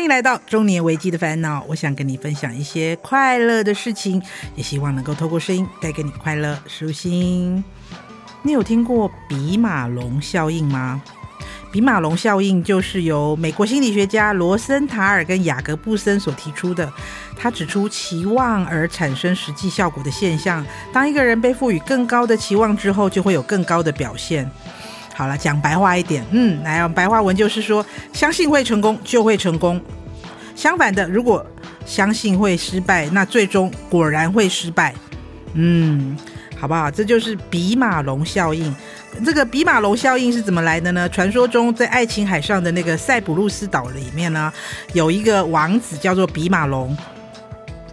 歡迎來到中年危機的煩惱，我想跟你分享一些快樂的事情，也希望能夠透過聲音帶給你快樂舒心。你有聽過比馬龍效應嗎？比馬龍效應就是由美國心理學家羅森塔爾跟雅各布森所提出的，他指出期望而產生實際效果的現象，當一個人被賦予更高的期望之後，就會有更高的表現。好了，講白話一點，嗯，來啊，白話文就是說，相信會成功就會成功，相反的，如果相信會失敗，那最終果然會失敗，嗯，好不好？這就是比馬龍效應。這個比馬龍效應是怎麼來的呢？傳說中在愛琴海上的那個塞浦路斯島裡面呢，有一個王子叫做比馬龍，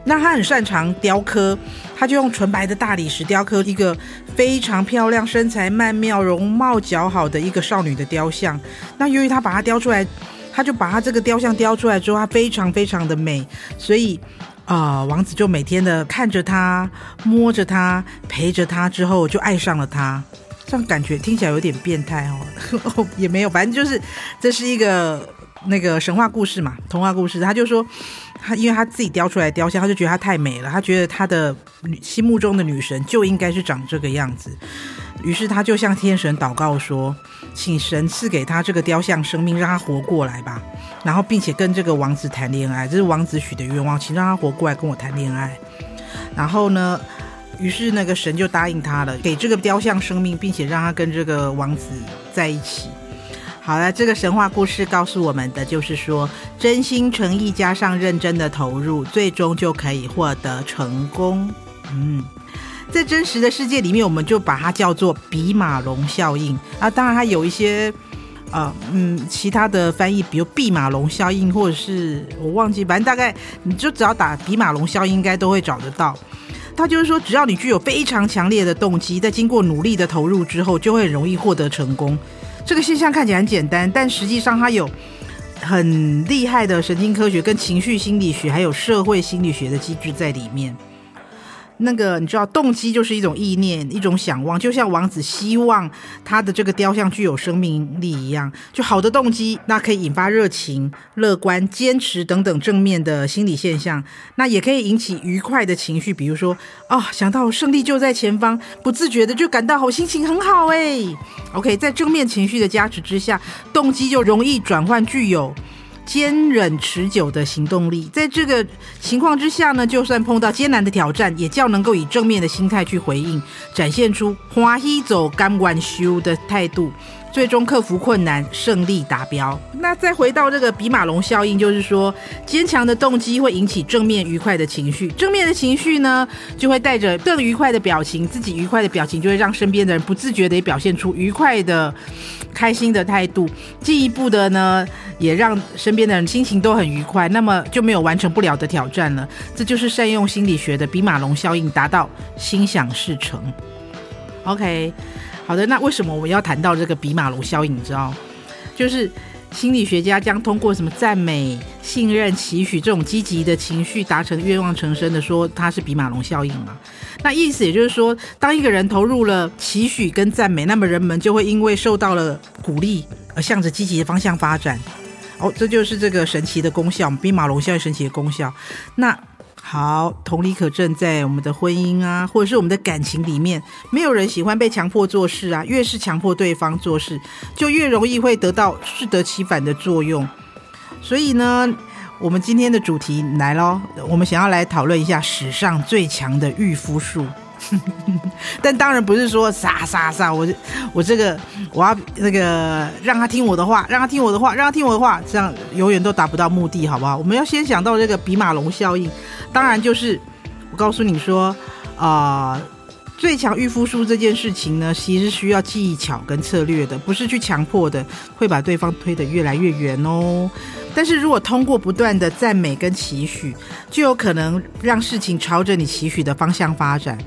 那他很擅長雕刻，他就用純白的大理石雕刻一個。非常漂亮，身材曼妙，容貌姣好的一個少女的雕像。那由於他把它雕出來，他就把他這個雕像雕出來之後，她非常非常的美，所以，呃，王子就每天的看着她，摸着她，陪着她，之後就愛上了她。這樣感覺聽起來有點變態哦，呵呵也沒有，反正就是這是一個。那個神話故事嘛，童話故事，他就說，他因為他自己雕出來雕像，他就覺得他太美了，他覺得他的心目中的女神就應該是長這個樣子，於是他就向天神禱告說，請神賜給他這個雕像生命，讓他活過來吧，然後並且跟這個王子談戀愛，這是王子許的願望，請讓他活過來跟我談戀愛。然後呢，於是那個神就答應他了，給這個雕像生命，並且讓他跟這個王子在一起。好了，這個神話故事告訴我們的就是說，真心誠意加上認真的投入，最終就可以獲得成功。嗯，在真實的世界裡面，我們就把它叫做“比馬龍效應”。啊，當然它有一些呃，嗯，其他的翻譯，比如“畢馬龍效應”或者是我忘記，反正大概你就只要打“比馬龍效應”應該都會找得到。它就是說，只要你具有非常強烈的動機，在經過努力的投入之後，就會很容易獲得成功。這個現象看起來很簡單，但實際上它有很厲害的神經科學、跟情緒心理學、還有社會心理學的機制在裡面。那個你知道，動機就是一種意念，一種想望，就像王子希望他的這個雕像具有生命力一樣。就好的動機，那可以引發熱情、樂觀、堅持等等正面的心理現象。那也可以引起愉快的情緒，比如說，啊、哦，想到勝利就在前方，不自覺的就感到好心情很好哎。OK，在正面情緒的加持之下，動機就容易轉換具有。堅忍持久的行動力，在這個情況之下呢，就算碰到艱難的挑戰，也較能夠以正面的心態去回應，展現出歡喜走、甘願修的態度。最終克服困難，勝利達標。那再回到這個比馬龍效應，就是說，堅強的動機會引起正面愉快的情緒，正面的情緒呢，就會帶着更愉快的表情，自己愉快的表情就會讓身邊的人不自覺的表現出愉快的、開心的態度，進一步的呢，也讓身邊的人心情都很愉快，那麼就沒有完成不了的挑戰了。這就是善用心理學的比馬龍效應，達到心想事成。OK。好的，那為什麼我們要談到這個比馬龍效應？你知道，就是心理學家將通過什麼讚美、信任、期許這種積極的情緒，達成願望成真的，說它是比馬龍效應嘛？那意思也就是說，當一個人投入了期許跟讚美，那麼人們就會因為受到了鼓勵而向着積極的方向發展。哦，這就是這個神奇的功效，比馬龍效應神奇的功效。那。好，同理可證，在我們的婚姻啊，或者是我們的感情裡面，沒有人喜歡被強迫做事啊。越是強迫對方做事，就越容易會得到適得其反的作用。所以呢，我們今天的主題來嘍，我們想要來討論一下史上最強的馭夫術。 但當然不是說殺殺殺，我我這個我要那個讓他聽我的話，讓他聽我的話，讓他聽我的話，這樣永遠都達不到目的，好不好？我們要先想到這個比馬龍效應。當然，就是我告訴你說，啊、呃，最強馭夫術這件事情呢，其實需要技巧跟策略的，不是去強迫的，會把對方推得越來越遠哦。但是如果通過不斷的讚美跟期許，就有可能讓事情朝着你期許的方向發展。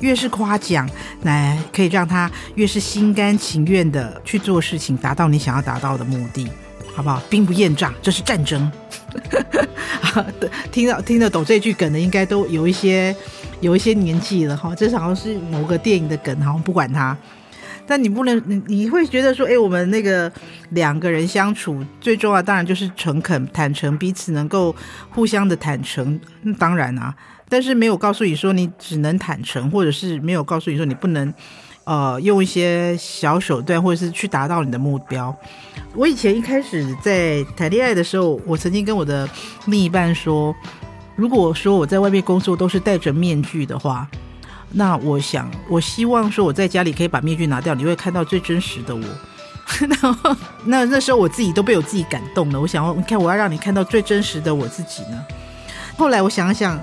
越是誇獎，來可以讓他越是心甘情願的去做事情，達到你想要達到的目的。好不好？兵不厭詐，這是戰爭。 聽到聽得懂這句梗的，應該都有一些有一些年紀了哈。這好像是某個電影的梗哈，好像不管它。但你不能，你，你會覺得說，哎、欸，我們那個兩個人相處，最重要當然就是誠懇、坦誠，彼此能夠互相的坦誠。那當然啊，但是沒有告訴你說你只能坦誠，或者是沒有告訴你說你不能。呃，用一些小手段，或者是去達到你的目標。我以前一開始在談戀愛的時候，我曾經跟我的另一半說，如果說我在外面工作都是戴着面具的話，那我想，我希望說我在家裡可以把面具拿掉，你會看到最真實的我。 然後，那那時候我自己都被我自己感動了。我想要，看，我要讓你看到最真實的我自己呢。後來我想想，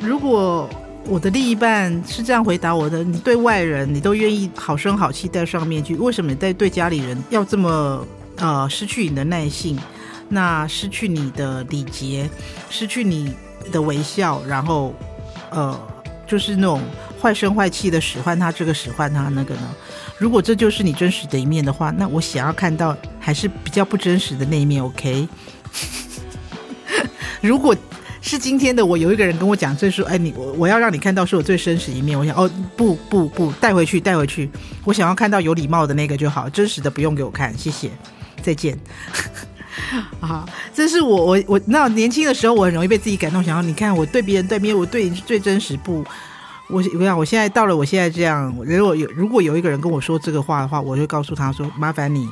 如果。我的另一半是這樣回答我的：你對外人，你都願意好聲好氣戴上面具，為什麼你在對家裡人要這麼呃失去你的耐性？那失去你的禮節，失去你的微笑，然後呃，就是那種壞聲壞氣的使喚他這個，使喚他那個呢？如果這就是你真實的一面的話，那我想要看到還是比較不真實的那一面，OK？ 如果。是今天的我有一個人跟我講，就說：“哎，你我我要讓你看到是我最真實一面。”我想：“哦，不不不，帶回去帶回去，我想要看到有禮貌的那個就好，真實的不用給我看，謝謝，再見。 啊”哈，這是我我我那我年輕的時候，我很容易被自己感動，想要你看我對別人對面我對你是最真實不？我我想我現在到了我現在這樣，如果有如果有一個人跟我說這個話的話，我就告訴他說：“麻煩你。”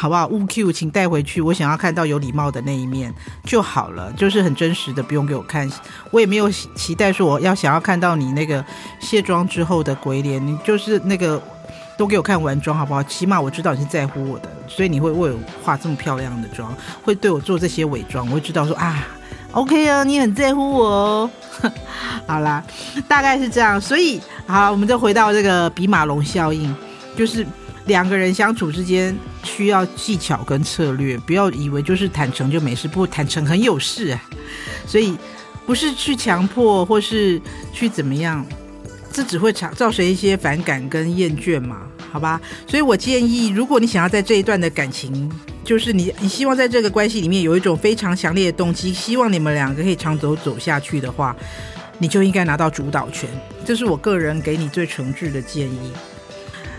好不好？勿 q，請帶回去。我想要看到有禮貌的那一面就好了，就是很真實的，不用給我看。我也沒有期待說我要想要看到你那個卸妝之後的鬼臉，你就是那個都給我看完妝好不好？起碼我知道你是在乎我的，所以你會為我化這麼漂亮的妝，會對我做這些偽裝，我會知道說，啊，OK 啊，你很在乎我哦。 好啦，大概是這樣，所以好，我們再回到這個比馬龍效應，就是。兩個人相處之間需要技巧跟策略，不要以為就是坦誠就沒事，不坦誠很有事啊，所以不是去強迫或是去怎麼樣，這只會造造成一些反感跟厭倦嘛，好吧？所以我建議，如果你想要在這一段的感情，就是你你希望在這個關係裡面有一種非常強烈的動機，希望你們兩個可以長走走下去的話，你就應該拿到主導權，這是我個人給你最誠摯的建議。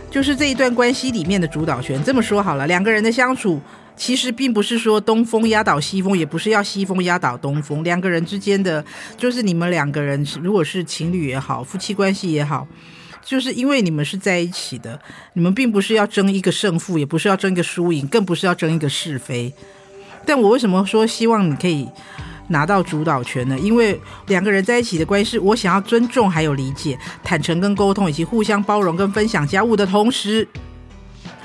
就是這一段關係裡面的主導權，這麼說好了，兩個人的相處其實並不是說東風壓倒西風，也不是要西風壓倒東風，兩個人之間的就是你們兩個人，如果是情侶也好，夫妻關係也好，就是因為你們是在一起的，你們並不是要爭一個勝負，也不是要爭一個輸贏，更不是要爭一個是非。但我為什麼說希望你可以拿到主導權了，因為兩個人在一起的關係，我想要尊重還有理解、坦誠跟溝通，以及互相包容跟分享家務的同時，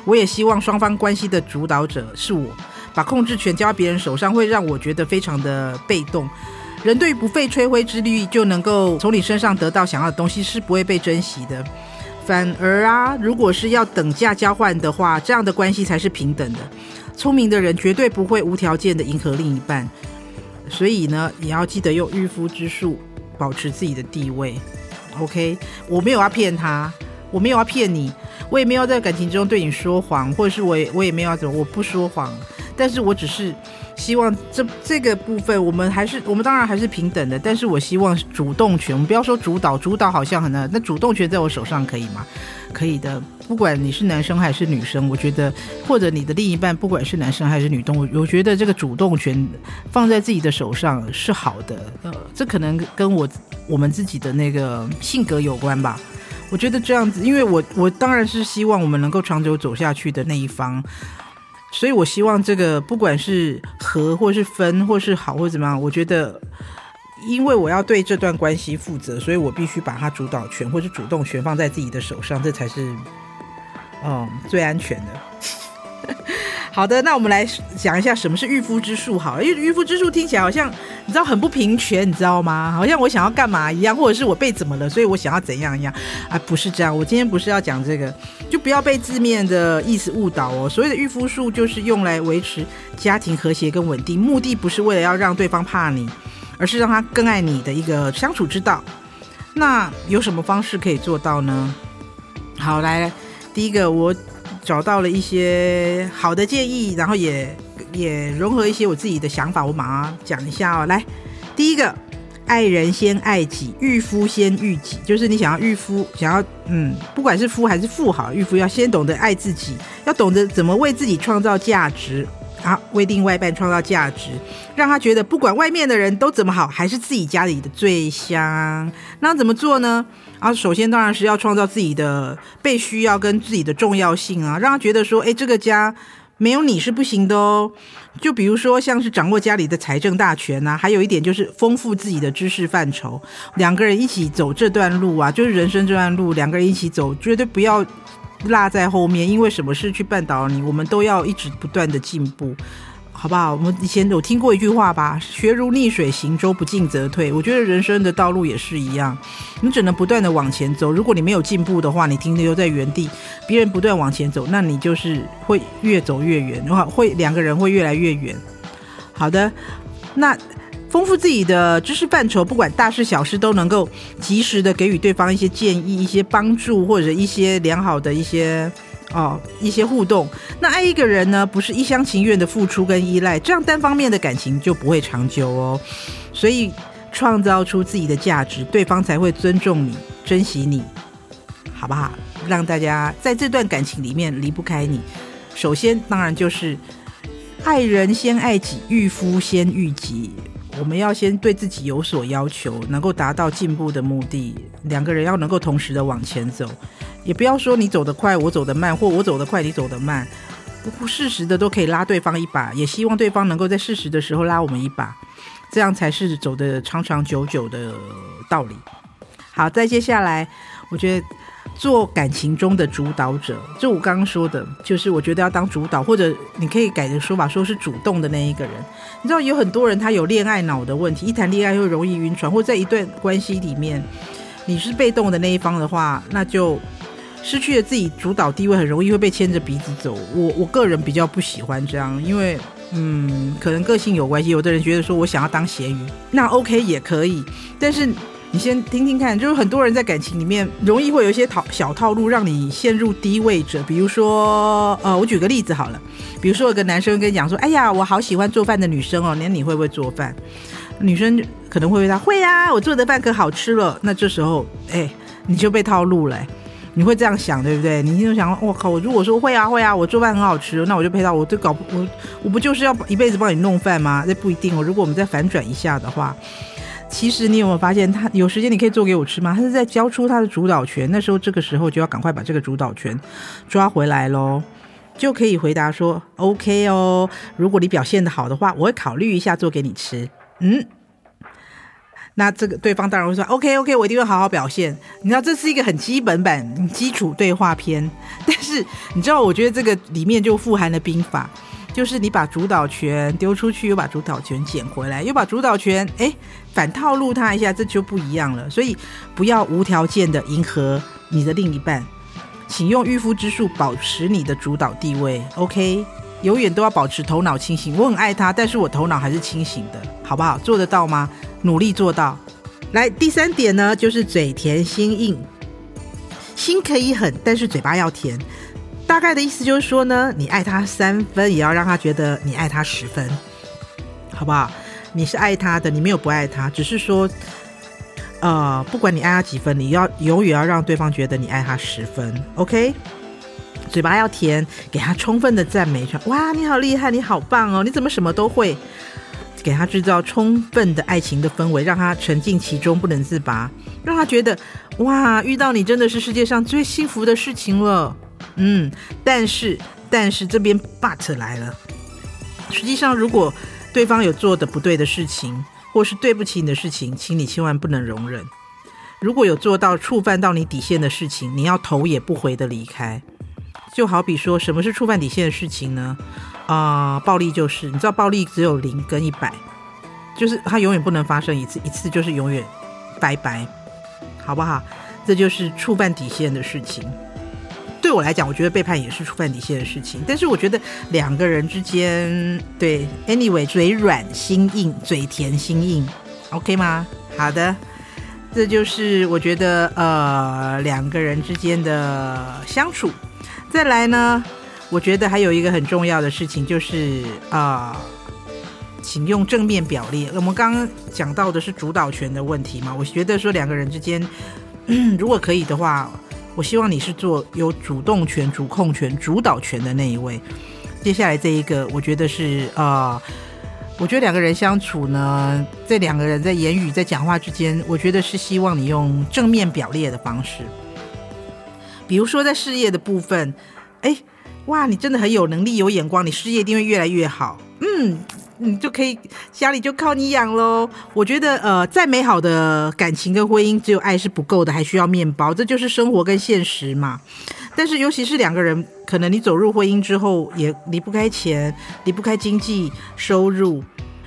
我也希望雙方關係的主導者是我。把控制權交到別人手上，會讓我覺得非常的被動。人對於不費吹灰之力就能夠從你身上得到想要的東西，是不會被珍惜的。反而啊，如果是要等價交換的話，這樣的關係才是平等的。聰明的人絕對不會無條件的迎合另一半。所以呢，也要記得用馭夫之術，保持自己的地位。OK，我沒有要騙他，我沒有要騙你，我也沒有在感情之中對你說謊，或者是我也我也沒有要怎麼，我不說謊。但是我只是希望這這個部分，我們還是我們當然還是平等的。但是我希望主動權，我們不要說主導，主導好像很難。那主動權在我手上可以嗎？可以的。不管你是男生還是女生，我覺得，或者你的另一半不管是男生還是女的，我我覺得這個主動權放在自己的手上是好的。呃，這可能跟我我們自己的那個性格有關吧。我覺得這樣子，因為我我當然是希望我們能夠長久走下去的那一方，所以我希望這個不管是合，或是分，或是好，或者怎麼樣，我覺得，因為我要對這段關係負責，所以我必須把它主導權或是主動權放在自己的手上，這才是。哦，最安全的。 好的，那我們來講一下什麼是馭夫之術。好，因為馭夫之術聽起來好像你知道很不平權，你知道嗎？好像我想要幹嘛一樣，或者是我被怎麼了，所以我想要怎樣一樣啊？不是這樣，我今天不是要講這個，就不要被字面的意思誤導哦。所謂的馭夫術，就是用來維持家庭和諧跟穩定，目的不是為了要讓對方怕你，而是讓他更愛你的一個相處之道。那有什麼方式可以做到呢？好，來，來。第一個，我找到了一些好的建議，然後也也融合一些我自己的想法，我馬上講一下哦、喔。來，第一個，愛人先愛己，馭夫先馭己，就是你想要馭夫，想要嗯，不管是夫還是婦好，馭夫要先懂得愛自己，要懂得怎麼為自己創造價值啊，為另外一半創造價值，讓他覺得不管外面的人都怎麼好，還是自己家裡的最香。那怎麼做呢？他、啊、首先當然是要創造自己的被需要跟自己的重要性啊，讓他覺得說，哎，這個家沒有你是不行的哦。就比如說，像是掌握家裡的財政大權啊，還有一點就是豐富自己的知識範疇。兩個人一起走這段路啊，就是人生這段路，兩個人一起走，絕對不要落在後面，因為什麼事去絆倒你，我們都要一直不斷的進步。好不好？我們以前有聽過一句話吧，學如逆水行舟，不進則退。我覺得人生的道路也是一樣，你只能不斷的往前走。如果你沒有進步的話，你停留在原地，別人不斷往前走，那你就是會越走越遠，然後會兩個人會越來越遠。好的，那豐富自己的知識範疇，不管大事小事都能夠及時的給予對方一些建議、一些幫助或者一些良好的一些。哦，一些互動。那愛一個人呢，不是一廂情願的付出跟依賴，這樣單方面的感情就不會長久哦。所以創造出自己的價值，對方才會尊重你、珍惜你，好不好？讓大家在這段感情裡面離不開你。首先，當然就是愛人先愛己，馭夫先馭己。我們要先對自己有所要求，能夠達到進步的目的。兩個人要能夠同時的往前走，也不要說你走得快，我走得慢，或我走得快，你走得慢。不適時的都可以拉對方一把，也希望對方能夠在適時的時候拉我們一把，這樣才是走得長長久久的道理。好，再接下來，我覺得。做感情中的主導者，就我剛剛說的，就是我覺得要當主導，或者你可以改個說法，說是主動的那一個人。你知道有很多人他有戀愛腦的問題，一談戀愛會容易暈船，或在一段關係裡面你是被動的那一方的話，那就失去了自己主導地位，很容易會被牽着鼻子走。我我個人比較不喜歡這樣，因為嗯，可能個性有關係。有的人覺得說我想要當鹹魚，那 OK 也可以，但是。你先聽聽看，就是很多人在感情裡面容易會有一些套小套路，讓你陷入低位者。比如說，呃，我舉個例子好了，比如說有個男生跟你講說：“哎呀，我好喜歡做飯的女生哦，你，你你會不會做飯？”女生可能會回答：“會呀、啊，我做的飯可好吃了。”那這時候，哎，你就被套路了、欸，你會這樣想，對不對？你就會想：“我、哦、靠，我如果說會啊會啊，我做飯很好吃，那我就陪到我這搞不我我不就是要一輩子幫你弄飯嗎？”這不一定哦。如果我們再反轉一下的話。其實你有沒有發現他，他有時間你可以做給我吃嗎？他是在交出他的主導權，那時候這個時候就要趕快把這個主導權抓回來嘍，就可以回答說 OK 哦。如果你表現得好的話，我會考慮一下做給你吃。嗯，那這個對方當然會說 OK OK，我一定會好好表現。你知道這是一個很基本版基礎對話篇，但是你知道，我覺得這個裡面就富含了兵法。就是你把主導權丟出去，又把主導權撿回來，又把主導權哎、欸、反套路他一下，這就不一樣了。所以不要無條件的迎合你的另一半，請用馭夫之術保持你的主導地位。OK，永遠都要保持頭腦清醒。我很愛他，但是我頭腦還是清醒的，好不好？做得到嗎？努力做到。來，第三點呢，就是嘴甜心硬，心可以狠，但是嘴巴要甜。大概的意思就是說呢，你愛他三分，也要讓他覺得你愛他十分，好不好？你是愛他的，你沒有不愛他，只是說，呃，不管你愛他幾分，你要永遠要讓對方覺得你愛他十分。OK，嘴巴要甜，給他充分的讚美，說：“哇，你好厲害，你好棒哦，你怎麼什麼都會？”給他制造充分的愛情的氛圍，讓他沉浸其中，不能自拔，讓他覺得：“哇，遇到你真的是世界上最幸福的事情了。”嗯，但是但是這邊 but 來了。實際上，如果對方有做的不對的事情，或是對不起你的事情，請你千萬不能容忍。如果有做到觸犯到你底線的事情，你要頭也不回地離開。就好比說，什麼是觸犯底線的事情呢？啊、呃，暴力就是。你知道，暴力只有零跟一百，就是它永遠不能發生一次，一次就是永遠，拜拜，好不好？這就是觸犯底線的事情。對我來講，我覺得背叛也是觸犯底線的事情。但是我覺得兩個人之間，對，anyway，嘴軟心硬，嘴甜心硬，OK 嗎？好的，這就是我覺得呃兩個人之間的相處。再來呢，我覺得還有一個很重要的事情就是啊、呃，請用正面表列。我們剛剛講到的是主導權的問題嘛，我覺得說兩個人之間，如果可以的話。我希望你是做有主動權、主控權、主導權的那一位。接下來這一個，我覺得是啊、呃，我覺得兩個人相處呢，這兩個人在言語、在講話之間，我覺得是希望你用正面表列的方式。比如說在事業的部分，哎，哇，你真的很有能力、有眼光，你事業一定會越來越好。嗯。你就可以，家裡就靠你養嘍。我覺得，呃，再美好的感情跟婚姻，只有愛是不夠的，還需要面包。這就是生活跟現實嘛。但是，尤其是兩個人，可能你走入婚姻之後，也離不開錢，離不開經濟收入。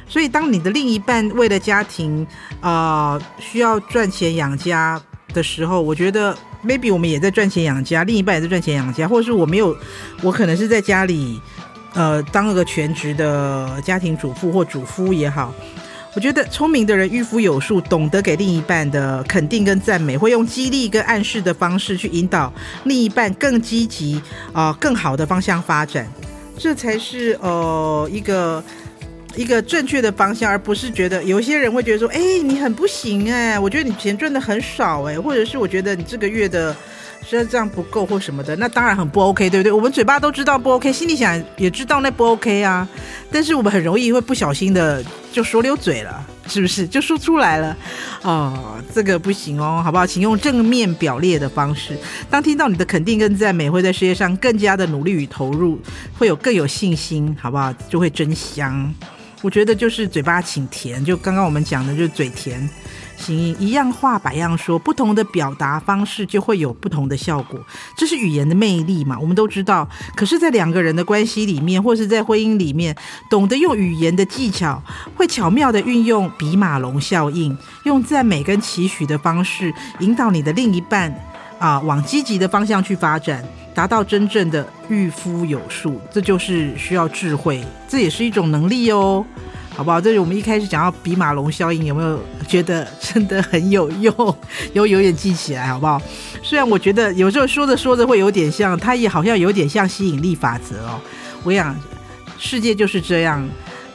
所以，當你的另一半為了家庭，啊、呃，需要賺錢養家的時候，我覺得，maybe 我們也在賺錢養家，另一半也在賺錢養家，或者是我沒有，我可能是在家裡。呃，當一個全職的家庭主婦或主夫也好，我覺得聰明的人馭夫有術，懂得給另一半的肯定跟讚美，會用激勵跟暗示的方式去引導另一半更積極啊、更好的方向發展，這才是呃一個一個正確的方向，而不是覺得有些人會覺得說，哎、欸，你很不行哎、啊，我覺得你錢賺得很少哎、欸，或者是我覺得你這個月的。實在這樣不夠或什麼的，那當然很不 OK，對不對？我們嘴巴都知道不 OK，心裡想也知道那不 OK 啊，但是我們很容易會不小心的就說溜嘴了，是不是就說出來了？哦，這個不行哦，好不好？請用正面表列的方式。當聽到你的肯定跟讚美，跟讚美會在事業上更加的努力與投入，會有更有信心，好不好？就會真香。我覺得就是嘴巴請甜，就剛剛我們講的就是嘴甜。形一樣話，百樣說，不同的表達方式就會有不同的效果，這是語言的魅力嘛。我們都知道。可是，在兩個人的關係裡面，或是在婚姻裡面，懂得用語言的技巧，會巧妙地運用比馬龍效應，用讚美跟期許的方式，引導你的另一半啊、呃，往積極的方向去發展，達到真正的馭夫有術，這就是需要智慧，這也是一種能力哦。好不好？這是我們一開始講到比馬龍效應，有沒有覺得真的很有用？有，有有點記起來，好不好？雖然我覺得有時候說着說着會有點像，它也好像有點像吸引力法則哦。我想世界就是這樣，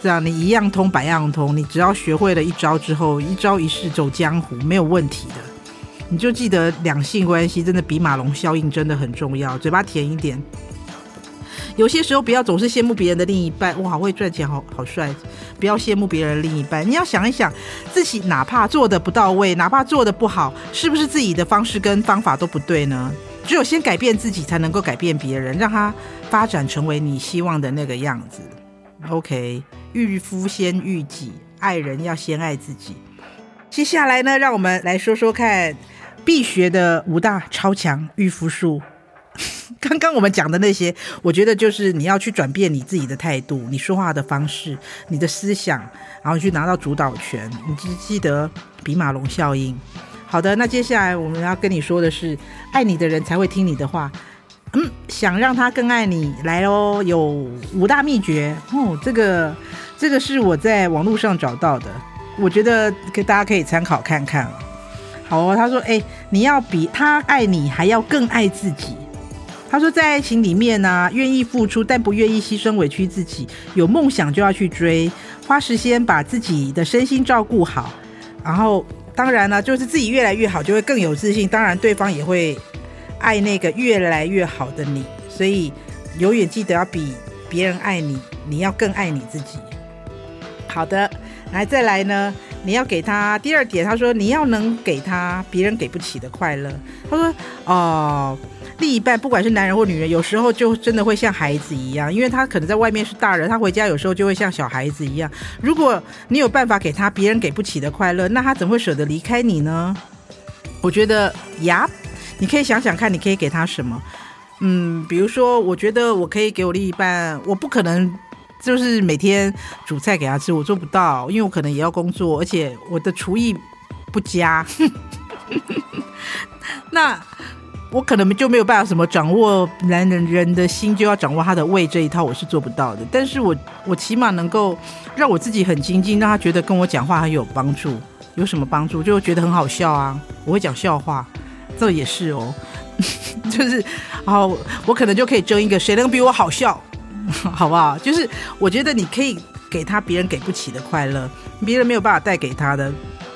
這樣你一樣通百樣通，你只要學會了一招之後，一招一式走江湖，沒有問題的。你就記得兩性關係真的比馬龍效應真的很重要，嘴巴甜一點。有些時候不要總是羨慕別人的另一半，哇，好會賺錢，好好帥！不要羨慕別人的另一半，你要想一想，自己哪怕做的不到位，哪怕做的不好，是不是自己的方式跟方法都不對呢？只有先改變自己，才能夠改變別人，讓他發展成為你希望的那個樣子。OK，御夫先御己，愛人要先愛自己。接下來呢，讓我們來說說看必學的五大超強御夫術。剛剛我們講的那些，我覺得就是你要去轉變你自己的態度，你說話的方式，你的思想，然後去拿到主導權。你就記得比馬龍效應。好的，那接下來我們要跟你說的是，愛你的人才會聽你的話。嗯，想讓他更愛你，來哦，有五大秘訣。哦，這個這個是我在網絡上找到的，我覺得大家可以參考看看。好哦，他說，哎，你要比他愛你還要更愛自己。他說，在愛情裡面呢，願意付出，但不願意犧牲、委屈自己。有夢想就要去追，花時間把自己的身心照顧好。然後，當然呢，就是自己越來越好，就會更有自信。當然，對方也會愛那個越來越好的你。所以，永遠記得要比別人愛你，你要更愛你自己。好的，來再來呢，你要給他第二點。他說，你要能給他別人給不起的快樂。他說，哦。另一半不管是男人或女人，有時候就真的會像孩子一樣，因為他可能在外面是大人，他回家有時候就會像小孩子一樣。如果你有辦法給他別人給不起的快樂，那他怎麼會捨得離開你呢？我覺得呀，你可以想想看，你可以給他什麼？嗯，比如說，我覺得我可以給我另一半，我不可能就是每天煮菜給他吃，我做不到，因為我可能也要工作，而且我的廚藝不佳。 那。我可能就沒有辦法什麼掌握，男人人的心，就要掌握他的胃這一套，我是做不到的。但是我我起碼能夠讓我自己很精進，讓他覺得跟我講話很有幫助。有什麼幫助？就覺得很好笑啊，我會講笑話，這也是哦， 就是然後我可能就可以爭一個誰能比我好笑，好不好？就是我覺得你可以給他別人給不起的快樂，別人沒有辦法帶給他的。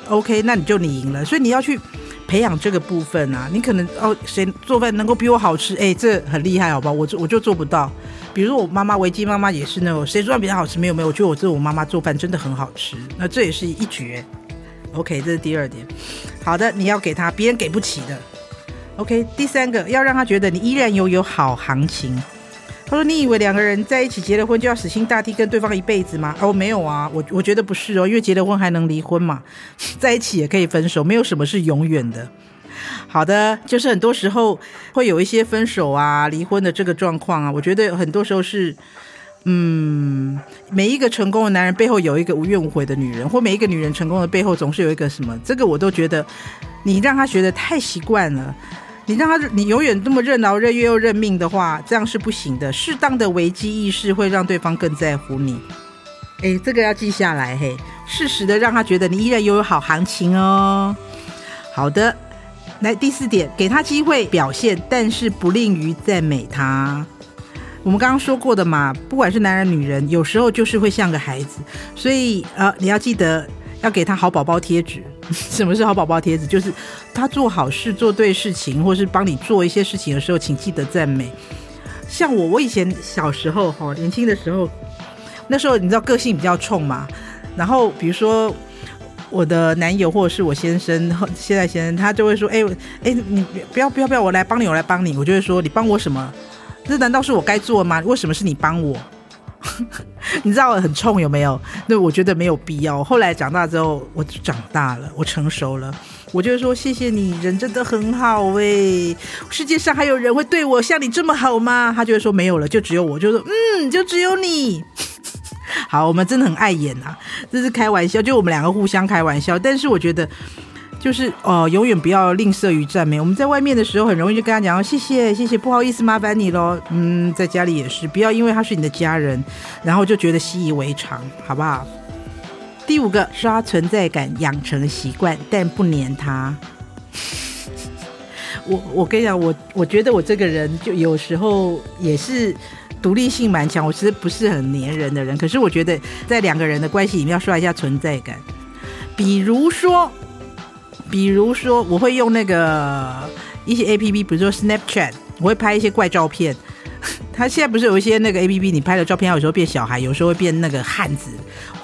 OK，那你就你贏了，所以你要去。培養這個部分啊，你可能哦，誰做飯能夠比我好吃？哎、欸，這很厲害，好不好？我我就做不到。比如我媽媽維基媽媽也是那種誰做飯比較好吃？沒有沒有，我覺得我這我媽媽做飯真的很好吃，那這也是一絕。OK，這是第二點。好的，你要給他別人給不起的。OK，第三個要讓他覺得你依然有有好行情。他說：“你以為兩個人在一起結了婚就要死心塌地跟對方一輩子嗎？”哦，沒有啊，我我覺得不是哦，因為結了婚還能離婚嘛，在一起也可以分手，沒有什麼是永遠的。好的，就是很多時候會有一些分手啊、離婚的這個狀況啊，我覺得很多時候是，嗯，每一個成功的男人背後有一個無怨無悔的女人，或每一個女人成功的背後總是有一個什麼？這個我都覺得，你讓他覺得太習慣了。你讓他，你永遠這麼任勞任怨又認命的話，這樣是不行的。適當的危機意識會讓對方更在乎你。哎、欸，這個要記下來嘿。適時的讓他覺得你依然擁有好行情哦。好的，來第四點，給他機會表現，但是不吝於讚美他。我們剛剛說過的嘛，不管是男人女人，有時候就是會像個孩子，所以呃，你要記得要給他好寶寶貼紙。 什麼是好寶寶貼紙？就是他做好事、做對事情，或是幫你做一些事情的時候，請記得讚美。像我，我以前小時候哈，年輕的時候，那時候你知道個性比較衝嘛，然後比如說我的男友或者是我先生，現在先生他就會說：“哎、欸、哎、欸，你不要不要不要，我來幫你，我來幫你。”我就會說：“你幫我什麼？這難道是我該做嗎？為什麼是你幫我？” 你知道我很衝有沒有？那我覺得沒有必要。後來長大之後，我長大了，我成熟了。我就說：“謝謝你，人真的很好喂、欸，世界上還有人會對我像你這麼好嗎？”他就會說：“沒有了，就只有我。就說”就是嗯，就只有你。 好，我們真的很愛演啊，這是開玩笑，就我們兩個互相開玩笑。但是我覺得。就是哦、呃，永遠不要吝嗇於讚美。我們在外面的時候很容易就跟他講，謝謝，謝謝，不好意思，麻煩你嘍。嗯，在家裡也是，不要因為他是你的家人，然後就覺得習以為常，好不好？第五個刷存在感，養成習慣，但不黏他。 我我跟你講，我我覺得我這個人就有時候也是獨立性蠻強，我其實不是很黏人的人。可是我覺得在兩個人的關係裡面要刷一下存在感，比如說。比如說，我會用那個一些 A P P，比如說 Snapchat，我會拍一些怪照片。他現在不是有一些那個 A P P，你拍的照片，有時候變小孩，有時候會變那個漢子，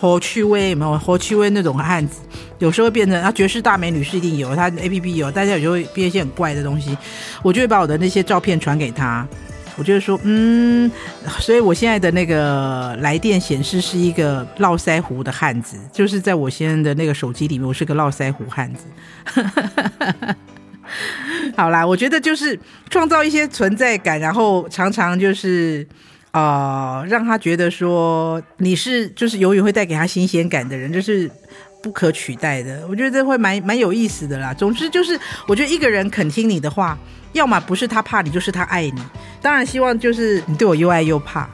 好趣味有沒有？好趣味那種漢子，有時候會變成啊，絕世大美女是一定有，他 A P P 有，大家有時候會變一些很怪的東西，我就會把我的那些照片傳給他。我就是說，嗯，所以我現在的那個來電顯示是一個絡腮鬍的漢子，就是在我先生的那個手機裡面，我是個絡腮鬍漢，漢子。 好啦，我覺得就是創造一些存在感，然後常常就是啊、呃，讓他覺得說你是就是永遠會帶給他新鮮感的人，就是。不可取代的，我覺得這會蠻蠻有意思的啦。總之就是，我覺得一個人肯聽你的話，要麼不是他怕你，就是他愛你。當然，希望就是你對我又愛又怕。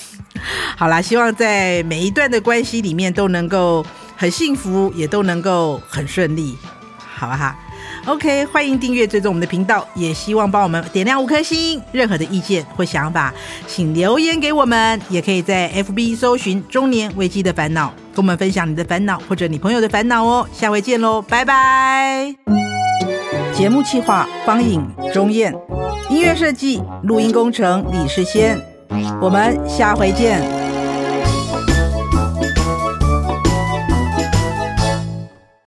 好啦，希望在每一段的關係裡面都能夠很幸福，也都能夠很順利，好不好？OK，歡迎訂閱、追蹤我們的頻道，也希望幫我們點亮五顆星。任何的意見或想法，請留言給我們，也可以在 FB 搜尋“中年危機的煩惱”。跟我們分享你的煩惱，或者你朋友的煩惱哦，下回見嘍，拜拜。節目計劃方影鍾燕，音樂設計、錄音工程李世先，我們下回見。